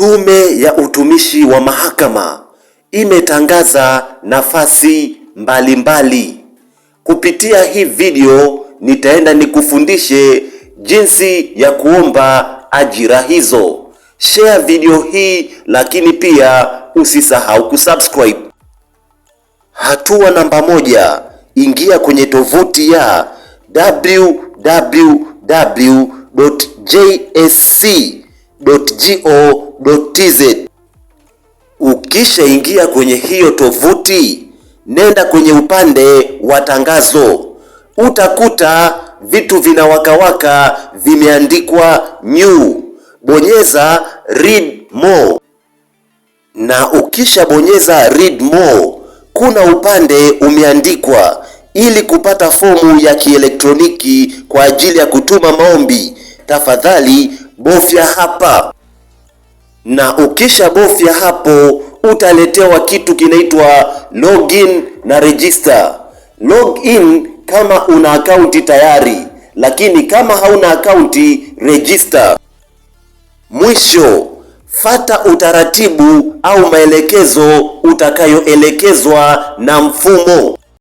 Tume ya Utumishi wa Mahakama imetangaza nafasi mbalimbali mbali. Kupitia hii video nitaenda nikufundishe jinsi ya kuomba ajira hizo. Share video hii lakini pia usisahau kusubscribe. Hatua namba moja, ingia kwenye tovuti ya www.jsc.go co.tz. Ukishaingia kwenye hiyo tovuti, nenda kwenye upande wa tangazo, utakuta vitu vinawakawaka vimeandikwa new. Bonyeza read more, na ukishabonyeza read more, kuna upande umeandikwa ili kupata fomu ya kielektroniki kwa ajili ya kutuma maombi, tafadhali bofya hapa na ukishabofya hapo utaletewa kitu kinaitwa login na register. Login kama una akaunti tayari, lakini kama hauna akaunti register. Mwisho, fata utaratibu au maelekezo utakayoelekezwa na mfumo.